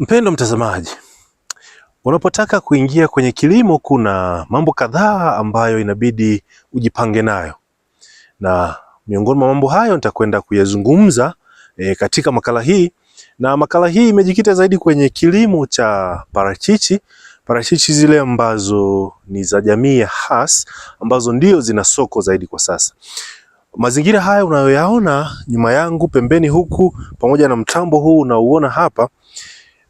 Mpendo mtazamaji, unapotaka kuingia kwenye kilimo, kuna mambo kadhaa ambayo inabidi ujipange nayo, na miongoni mwa mambo hayo nitakwenda kuyazungumza e, katika makala hii, na makala hii imejikita zaidi kwenye kilimo cha parachichi, parachichi zile ambazo ni za jamii ya Hass ambazo ndio zina soko zaidi kwa sasa. Mazingira haya unayoyaona nyuma yangu pembeni huku, pamoja na mtambo huu unaouona hapa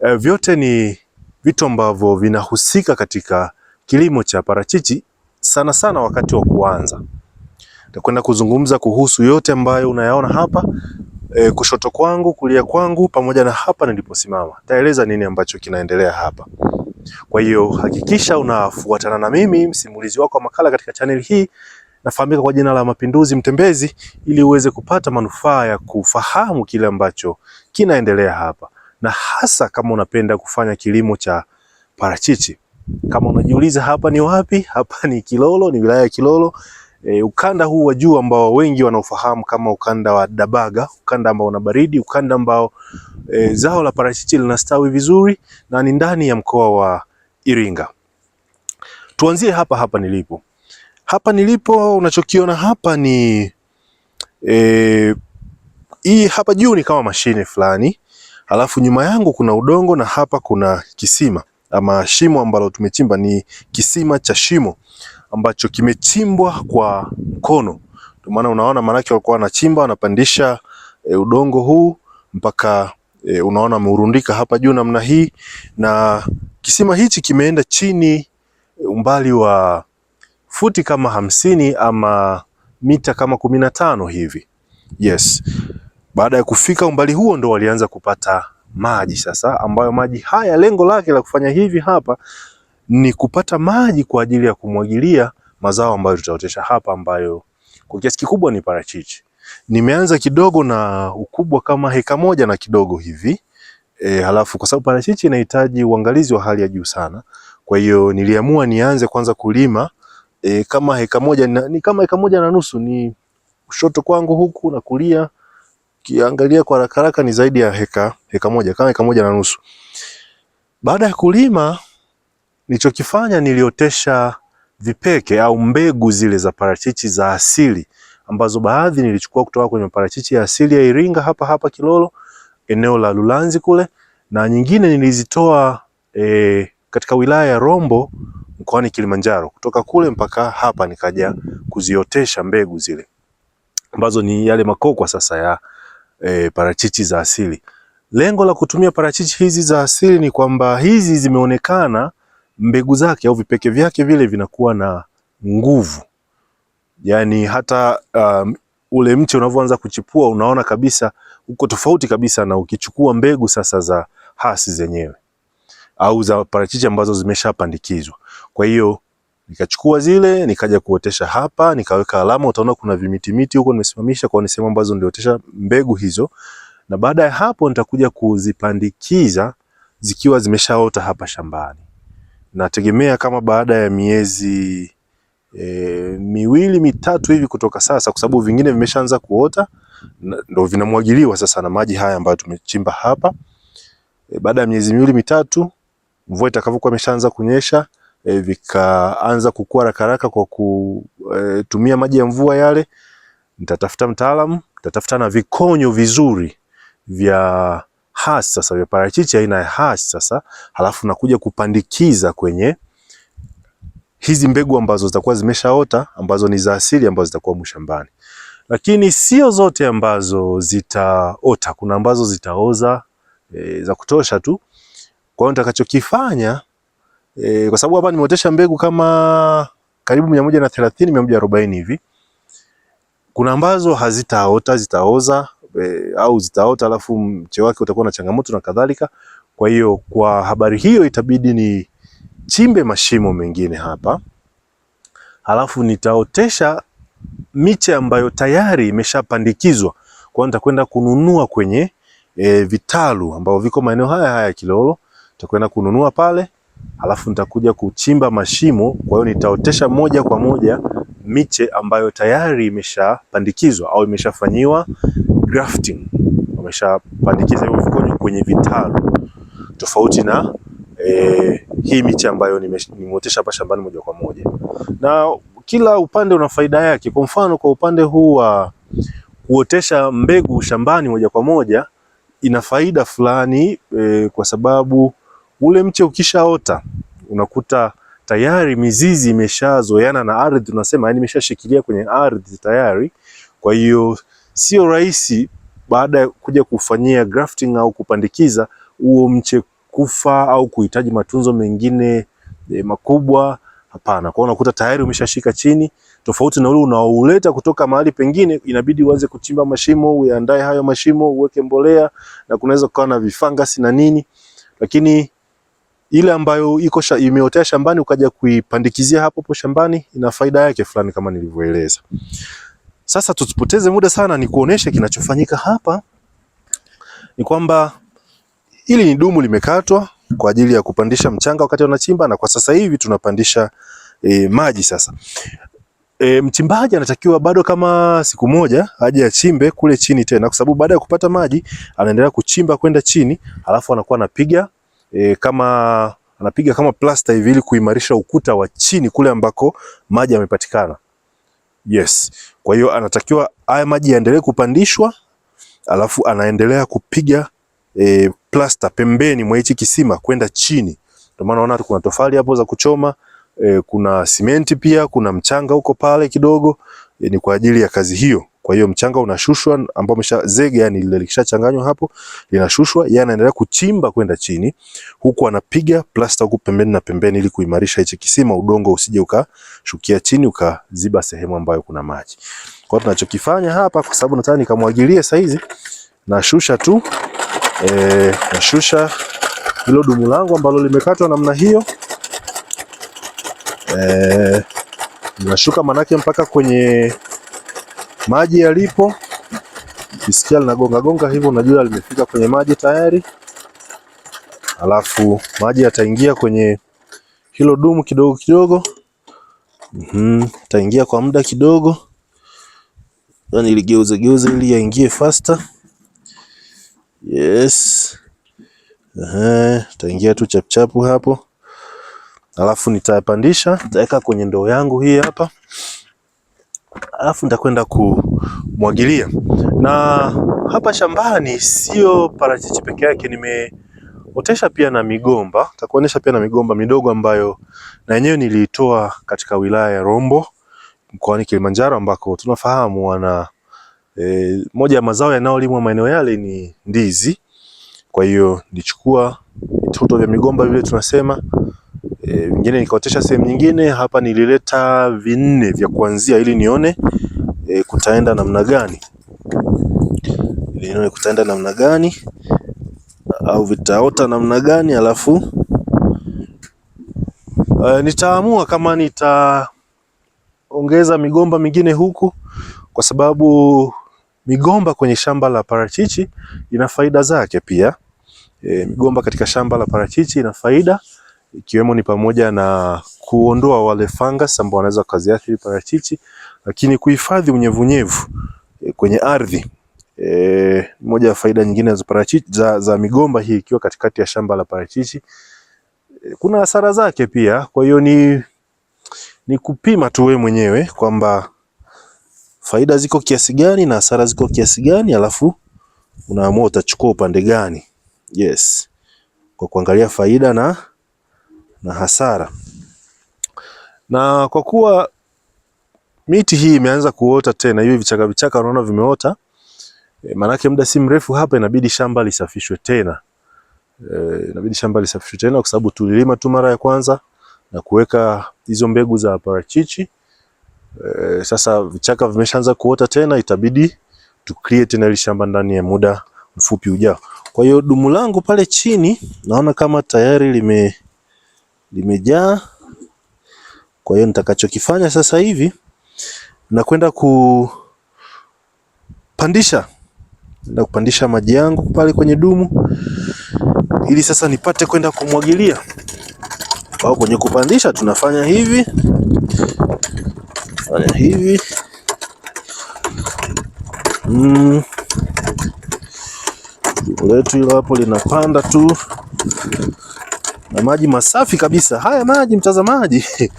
E, vyote ni vitu ambavyo vinahusika katika kilimo cha parachichi sana sana wakati wa kuanza. Nitakwenda kuzungumza kuhusu yote ambayo unayaona hapa e, kushoto kwangu, kulia kwangu pamoja na hapa niliposimama. Taeleza nini ambacho kinaendelea hapa. Kwa hiyo hakikisha unafuatana na mimi msimulizi wako wa makala katika chaneli hii nafahamika kwa jina la Mapinduzi Mtembezi ili uweze kupata manufaa ya kufahamu kile ambacho kinaendelea hapa na hasa kama unapenda kufanya kilimo cha parachichi. Kama unajiuliza hapa ni wapi, hapa ni Kilolo, ni wilaya ya Kilolo. E, ukanda huu wa juu ambao wengi wanaofahamu kama ukanda wa Dabaga, ukanda ambao una baridi, ukanda ambao e, zao la parachichi linastawi vizuri na ni ndani ya mkoa wa Iringa. Tuanzie hapa hapa nilipo. Hapa nilipo unachokiona hapa ni e, hii hapa juu ni kama mashine fulani Alafu nyuma yangu kuna udongo na hapa kuna kisima ama shimo ambalo tumechimba. Ni kisima cha shimo ambacho kimechimbwa kwa mkono, ndio maana unaona, maanake walikuwa wanachimba wanapandisha e, udongo huu mpaka e, unaona ameurundika hapa juu namna hii, na kisima hichi kimeenda chini eh, umbali wa futi kama hamsini ama mita kama kumi na tano hivi. Yes. Baada ya kufika umbali huo ndo walianza kupata maji sasa, ambayo maji haya lengo lake la kufanya hivi hapa ni kupata maji kwa ajili ya kumwagilia mazao ambayo tutaotesha hapa, ambayo kwa kiasi kikubwa ni parachichi. Nimeanza kidogo na ukubwa kama heka moja na kidogo hivi e, halafu kwa sababu parachichi inahitaji uangalizi wa hali ya juu sana, kwa hiyo niliamua nianze kwanza kulima e, kama heka moja na, ni kama heka moja na nusu ni kushoto kwangu huku na kulia ukiangalia kwa haraka haraka ni zaidi ya heka heka moja, kama heka moja na nusu. Baada ya kulima, nilichokifanya niliotesha vipeke au mbegu zile za parachichi za asili ambazo baadhi nilichukua kutoka kwenye parachichi ya asili ya Iringa hapa hapa Kilolo, eneo la Lulanzi kule, na nyingine nilizitoa e, katika wilaya ya Rombo mkoani Kilimanjaro. Kutoka kule mpaka hapa nikaja kuziotesha mbegu zile ambazo ni yale makokwa sasa ya e, parachichi za asili. Lengo la kutumia parachichi hizi za asili ni kwamba hizi zimeonekana mbegu zake au vipeke vyake vile vinakuwa na nguvu, yaani hata um, ule mche unavyoanza kuchipua unaona kabisa uko tofauti kabisa na ukichukua mbegu sasa za hasi zenyewe au za parachichi ambazo zimeshapandikizwa. Kwa hiyo Nikachukua zile nikaja kuotesha hapa, nikaweka alama. Utaona kuna vimiti miti huko nimesimamisha, kwa nisema ambazo niliotesha mbegu hizo, na baada ya hapo nitakuja kuzipandikiza zikiwa zimeshaota hapa shambani. Nategemea kama baada ya miezi e, miwili mitatu hivi kutoka sasa, kwa sababu vingine vimeshaanza kuota ndio vinamwagiliwa sasa na maji haya ambayo tumechimba hapa. E, baada ya miezi miwili mitatu mvua itakavyokuwa imeshaanza kunyesha e, vikaanza kukua haraka haraka kwa kutumia e, maji ya mvua yale, nitatafuta mtaalamu, nitatafuta na vikonyo vizuri vya hasi sasa vya parachichi aina ya hasi sasa, halafu nakuja kupandikiza kwenye hizi mbegu ambazo zitakuwa zimeshaota ambazo ni za asili ambazo zitakuwa mshambani, lakini sio zote ambazo zitaota. Kuna ambazo zitaoza e, za kutosha tu. Kwa hiyo nitakachokifanya E, kwa sababu hapa nimeotesha mbegu kama karibu 130 140 hivi. Kuna ambazo hazitaota zitaoza e, au zitaota alafu mche wake utakuwa na changamoto na kadhalika. Kwa hiyo kwa habari hiyo itabidi ni chimbe mashimo mengine hapa, halafu nitaotesha miche ambayo tayari imeshapandikizwa, kwa nitakwenda kununua kwenye e, vitalu ambao viko maeneo haya haya Kilolo, nitakwenda kununua pale alafu nitakuja kuchimba mashimo. Kwa hiyo nitaotesha moja kwa moja miche ambayo tayari imeshapandikizwa au imeshafanyiwa grafting, wameshapandikiza hiyo vikonyo kwenye vitalu, tofauti na e, hii miche ambayo nimeotesha hapa shambani moja kwa moja, na kila upande una faida yake. Kwa mfano, kwa upande huu wa kuotesha mbegu shambani moja kwa moja ina faida fulani e, kwa sababu Ule mche ukishaota unakuta tayari mizizi imeshazoeana na ardhi, tunasema yani imeshashikilia kwenye ardhi tayari. Kwa hiyo sio rahisi baada ya kuja kufanyia grafting au kupandikiza huo mche kufa au kuhitaji matunzo mengine e, makubwa. Hapana, kwa unakuta tayari umeshashika chini, tofauti na ule unaouleta kutoka mahali pengine. Inabidi uanze kuchimba mashimo, uandae hayo mashimo, uweke mbolea na kunaweza kukawa na vifangasi na nini, lakini ile ambayo iko imeotea shambani ukaja kuipandikizia hapo hapo shambani ina faida yake fulani kama nilivyoeleza. Sasa tusipoteze muda sana, ni kuonesha kinachofanyika hapa ni kwamba ili ni dumu limekatwa kwa ajili ya kupandisha mchanga wakati wanachimba, na kwa sasa hivi tunapandisha e, maji sasa. E, mchimbaji anatakiwa bado kama siku moja aje achimbe kule chini tena, kwa sababu baada ya kupata maji anaendelea kuchimba kwenda chini, alafu anakuwa anapiga e, kama anapiga kama plasta hivi ili kuimarisha ukuta wa chini kule ambako maji yamepatikana. Yes. Kwa hiyo anatakiwa haya maji yaendelee kupandishwa, alafu anaendelea kupiga e, plasta pembeni mwa hichi kisima kwenda chini. Ndio maana unaona kuna tofali hapo za kuchoma e, kuna simenti pia, kuna mchanga huko pale kidogo e, ni kwa ajili ya kazi hiyo. Kwa hiyo mchanga unashushwa ambao umesha zege, yani lile likishachanganywa hapo linashushwa, yeye anaendelea kuchimba kwenda chini, huku anapiga plasta huku pembeni na pembeni, ili kuimarisha hichi kisima, udongo usije ukashukia chini ukaziba sehemu ambayo kuna maji. Kwa hiyo tunachokifanya hapa, kwa sababu nataka nikamwagilie saa hizi, nashusha tu e, nashusha hilo dumu langu ambalo limekatwa namna hiyo e, nashuka manake mpaka kwenye maji yalipo, kisikia linagonga gonga hivyo, unajua limefika kwenye maji tayari. Alafu maji yataingia kwenye hilo dumu kidogo kidogo, yataingia mhm, mm -hmm. kwa muda kidogo, yani ligeuze geuze ili yaingie faster. Yes, taingia tu chapuchapu hapo, alafu nitayapandisha, nitaweka kwenye ndoo yangu hii hapa alafu nitakwenda kumwagilia. Na hapa shambani sio parachichi peke yake, nimeotesha pia na migomba. Nitakuonyesha pia na migomba midogo ambayo na yenyewe niliitoa katika wilaya ya Rombo mkoani Kilimanjaro, ambako tunafahamu wana e, moja ya mazao yanayolimwa maeneo yale ni ndizi. Kwa hiyo nilichukua vitoto vya migomba vile tunasema vingine eh, e, nikaotesha sehemu nyingine. Hapa nilileta vinne vya kuanzia ili nione e, kutaenda namna gani, ili nione kutaenda namna gani au vitaota namna gani, alafu e, nitaamua kama nitaongeza migomba mingine huku, kwa sababu migomba kwenye shamba la parachichi ina faida zake pia. E, migomba katika shamba la parachichi ina faida ikiwemo ni pamoja na kuondoa wale fungus ambao wanaweza kaziathiri parachichi, lakini kuhifadhi unyevunyevu e, kwenye ardhi. E, moja ya faida nyingine za parachichi za, za migomba hii ikiwa katikati ya shamba la parachichi e, kuna hasara zake pia. Kwa hiyo ni, ni kupima tu wewe mwenyewe kwamba faida ziko kiasi gani na hasara ziko kiasi gani, alafu unaamua utachukua upande gani. Yes, kwa kuangalia faida na na hasara. Na kwa kuwa miti hii imeanza kuota tena, hivi vichaka vichaka unaona vimeota e, eh, maanake muda si mrefu hapa inabidi shamba lisafishwe tena e, inabidi shamba lisafishwe tena kwa sababu tulilima tu mara ya kwanza na kuweka hizo mbegu za parachichi e, sasa vichaka vimeshaanza kuota tena, itabidi tu create tena ile shamba ndani ya muda mfupi ujao. Kwa hiyo dumu langu pale chini naona kama tayari lime limejaa. Kwa hiyo nitakachokifanya sasa hivi nakwenda kupandisha, na kupandisha maji yangu pale kwenye dumu, ili sasa nipate kwenda kumwagilia. Au kwenye kupandisha tunafanya hivi, fanya hivi mm. Dumu letu hilo hapo linapanda tu na maji masafi kabisa. Haya maji mtazamaji,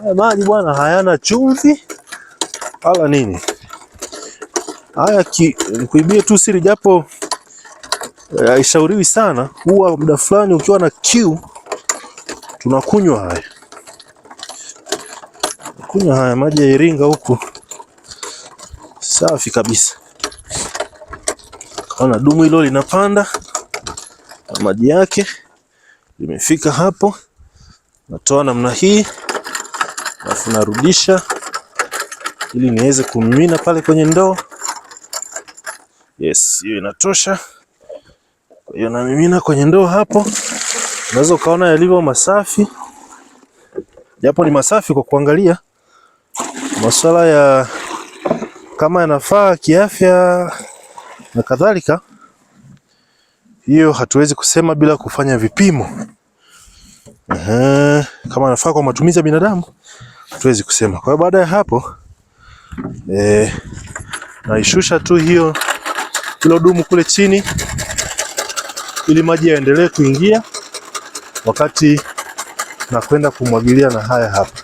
haya maji bwana, hayana chumvi wala nini. Haya kuibie tu siri, japo eh, haishauriwi sana. Huwa muda fulani ukiwa na kiu tunakunywa haya, kunywa haya maji ya Iringa huku safi kabisa. Kaona dumu hilo linapanda na maji yake limefika hapo, natoa namna hii alafu narudisha ili niweze kumimina pale kwenye ndoo. Yes, hiyo inatosha. Kwa hiyo namimina kwenye ndoo hapo, unaweza ukaona yalivyo masafi, japo ni masafi kwa kuangalia masuala ya kama yanafaa kiafya na kadhalika hiyo hatuwezi kusema bila kufanya vipimo. Aha, kama nafaa kwa matumizi ya binadamu hatuwezi kusema. Kwa hiyo baada ya hapo eh, naishusha tu hiyo hilo dumu kule chini ili maji yaendelee kuingia wakati na kwenda kumwagilia na haya hapa.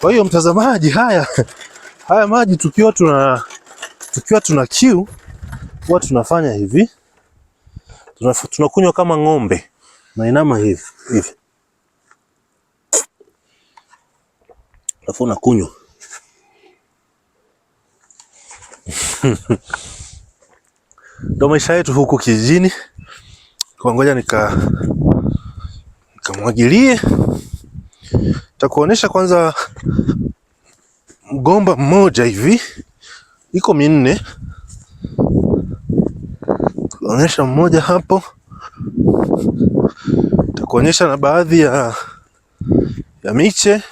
Kwa hiyo mtazamaji, haya haya maji tukiwa tuna tukiwa tuna kiu huwa tunafanya hivi tunakunywa kama ng'ombe. Nainama hivi hivi, alafu nakunywa ndo maisha yetu huku kijijini. Kwa ngoja nika nikamwagilie, takuonesha kwanza mgomba mmoja hivi, iko minne onyesha mmoja hapo, takuonyesha na baadhi ya, ya miche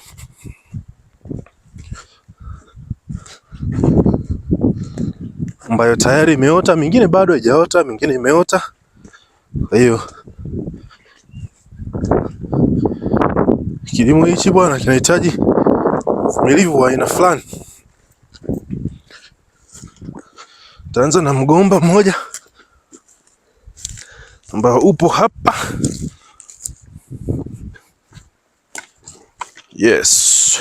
ambayo tayari imeota, mingine bado haijaota, mingine imeota. Kwa hiyo kilimo hichi bwana kinahitaji uvumilivu wa aina fulani. Taanza na mgomba mmoja ambao upo hapa. Yes.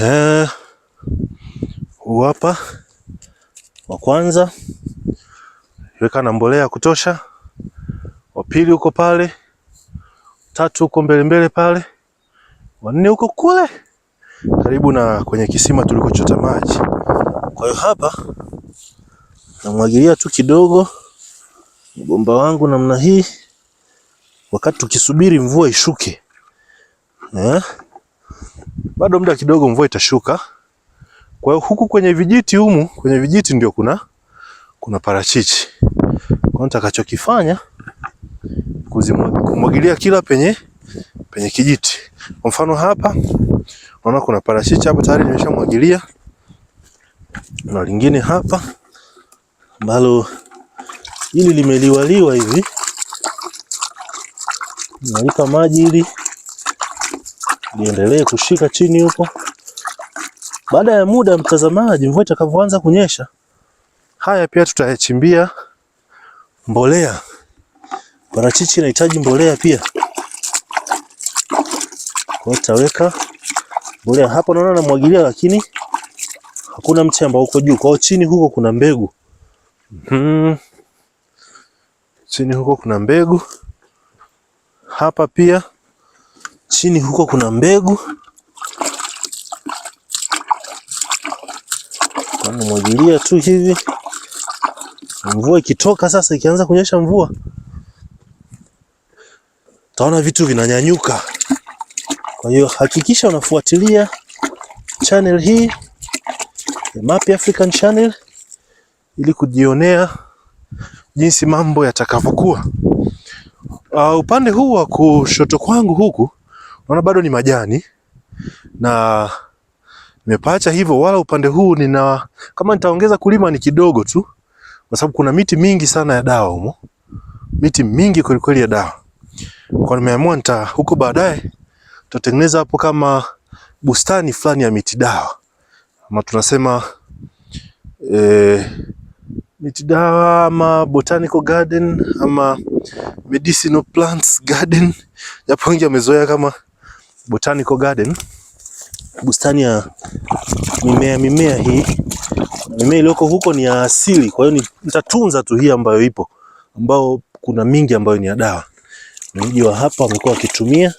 Eh, huu hapa wa kwanza weka na mbolea ya kutosha, wa pili huko pale, tatu huko mbele mbele pale, wanne huko kule karibu na kwenye kisima tulikochota maji. Kwa hiyo hapa namwagilia tu kidogo mgomba wangu namna hii, wakati tukisubiri mvua ishuke eh? Bado muda kidogo mvua itashuka. Kwa hiyo huku kwenye vijiti humu, kwenye vijiti ndio kuna kuna parachichi. Kwa hiyo nitakachokifanya kuzimwagilia kila penye penye kijiti. Kwa mfano hapa unaona kuna parachichi hapo tayari nimeshamwagilia, na lingine hapa ambalo hili limeliwaliwa hivi, nalipa maji ili liendelee kushika chini huko. Baada ya muda, mtazamaji, mvua itakavyoanza kunyesha, haya pia tutayachimbia mbolea. Parachichi inahitaji mbolea pia, kwa taweka mbolea hapo. Naona namwagilia, lakini hakuna mche ambao uko juu kwao, chini huko kuna mbegu Hmm. Chini huko kuna mbegu hapa pia, chini huko kuna mbegu. Namwagilia tu hivi, mvua ikitoka sasa, ikianza kunyesha mvua, utaona vitu vinanyanyuka. Kwa hiyo hakikisha unafuatilia channel hii ya African Channel ili kujionea jinsi mambo yatakavyokuwa. Uh, upande huu wa kushoto kwangu huku naona bado ni majani na nimepacha hivyo, wala upande huu nina kama nitaongeza kulima ni kidogo tu, kwa sababu kuna miti mingi sana ya dawa humo, miti mingi kweli kweli ya dawa. Kwa nimeamua nita huko baadaye tutatengeneza hapo kama bustani fulani ya miti dawa, ama tunasema eh, miti dawa ama botanical garden ama medicinal plants garden, japo wengi wamezoea kama botanical garden, bustani ya mimea mimea. Hii mimea iliyoko huko ni ya asili, kwa hiyo nitatunza tu hii ambayo ipo, ambao kuna mingi ambayo ni ya dawa. Wenyeji wa hapa wamekuwa wakitumia,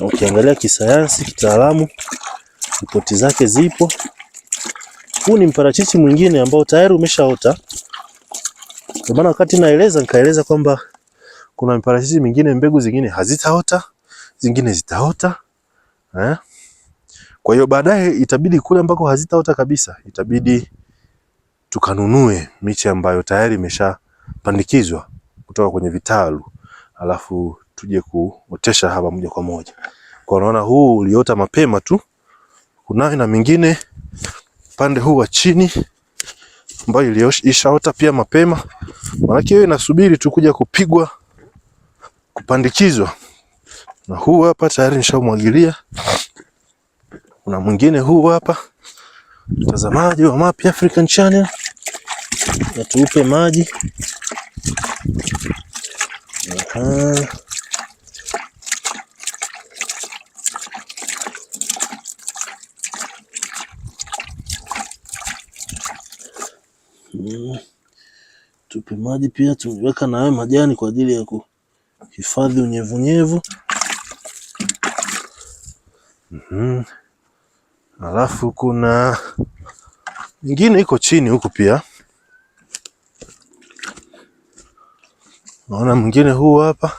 na ukiangalia kisayansi, kitaalamu, ripoti zake zipo. Huu ni mparachichi mwingine ambao tayari umeshaota. Kwa maana wakati naeleza nikaeleza kwamba kuna mparachichi mingine mbegu zingine hazitaota, zingine zitaota. Eh? Kwa hiyo baadaye itabidi kule ambako hazitaota kabisa, itabidi tukanunue miche ambayo tayari imeshapandikizwa kutoka kwenye vitalu, alafu tuje kuotesha hapa moja kwa moja. Kwa unaona huu uliota mapema tu, kunayo na mingine upande huu wa chini ambayo ilishaota pia mapema, maanake hiyo inasubiri tu kuja kupigwa kupandikizwa. Na huu hapa tayari nishaumwagilia. Kuna mwingine huu hapa, mtazamaji wa Mapya African Channel, tuupe maji Aha. Mm. Tupe maji pia tumeweka na hayo majani kwa ajili ya kuhifadhi unyevunyevu. Mm-hmm. Alafu kuna nyingine iko chini huku pia. Naona mwingine huu hapa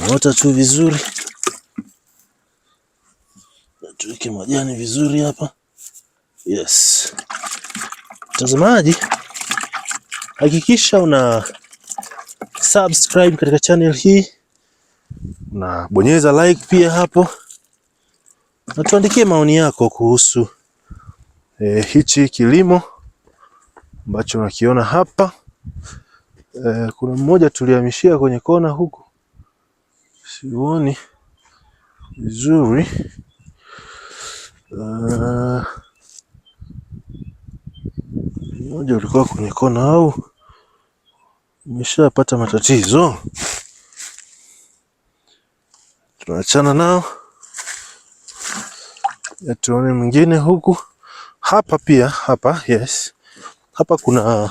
naota tu vizuri, tuweke majani vizuri hapa. Yes. Mtazamaji, hakikisha una subscribe katika channel hii, unabonyeza like pia hapo, na tuandikie maoni yako kuhusu e, hichi kilimo ambacho unakiona hapa. E, kuna mmoja tulihamishia kwenye kona huku, siuoni vizuri uh, mmoja ulikuwa kwenye kona au umeshapata matatizo? Tunaachana nao, tuone mwingine huku. Hapa pia hapa, yes, hapa kuna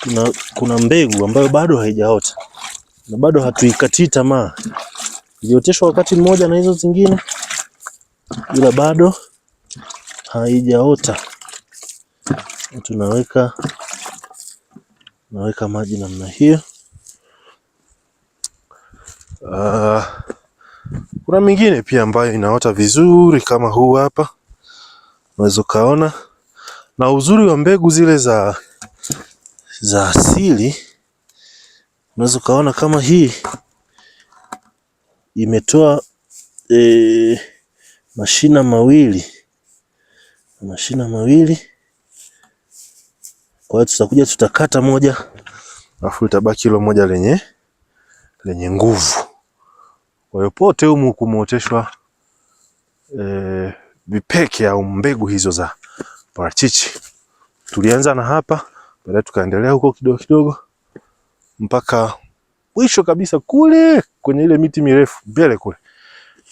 kuna, kuna mbegu ambayo bado haijaota na bado hatuikatii tamaa. Ilioteshwa wakati mmoja na hizo zingine, ila bado haijaota tunaweka tunaweka maji namna hiyo. Uh, kuna mingine pia ambayo inaota vizuri kama huu hapa, unaweza ukaona, na uzuri wa mbegu zile za za asili, unaweza ukaona kama hii imetoa e, mashina mawili mashina mawili kwa hiyo tutakuja tutakata moja, alafu itabaki hilo moja lenye lenye nguvu. Kwa hiyo pote humu kumeoteshwa e, eh, vipeke au mbegu hizo za parachichi. Tulianza na hapa, baadaye tukaendelea huko kidogo kidogo mpaka mwisho kabisa kule kwenye ile miti mirefu mbele kule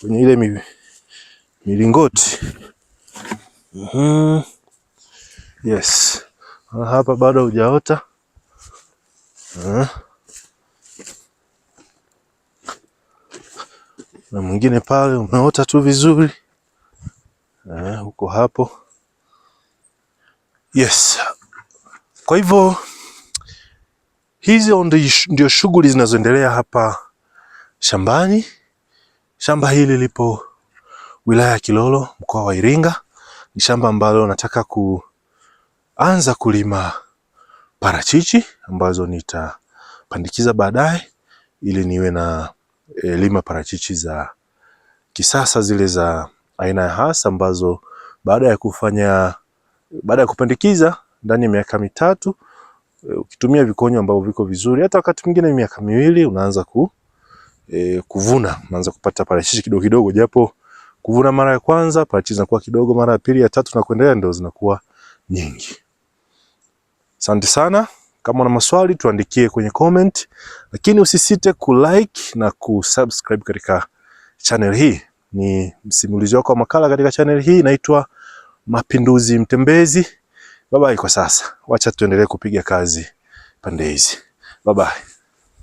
kwenye ile mi, milingoti. Mm-hmm. Yes. Ah, hapa bado hujaota. Ah. Na mwingine pale umeota tu vizuri ah, huko hapo. Yes, kwa hivyo hizo ndio shughuli zinazoendelea hapa shambani. Shamba hili lipo wilaya ya Kilolo, mkoa wa Iringa. Ni shamba ambalo nataka ku anza kulima parachichi ambazo nitapandikiza baadaye, ili niwe na e, lima parachichi za kisasa zile za aina ya hasa ambazo baada ya kufanya baada ya kupandikiza ndani ya miaka mitatu e, ukitumia vikonyo ambavyo viko vizuri, hata wakati mwingine miaka miwili unaanza ku, e, kuvuna unaanza kupata parachichi kidogo kidogo, japo kuvuna mara ya kwanza parachichi zinakuwa kidogo, mara ya pili, ya tatu na kuendelea ndio zinakuwa nyingi. Asante sana. Kama una maswali tuandikie kwenye comment, lakini usisite kulike na kusubscribe katika channel hii. Ni msimulizi wako wa makala katika channel hii, naitwa Mapinduzi Mtembezi. Bye bye kwa sasa, wacha tuendelee kupiga kazi pande hizi. Bye bye.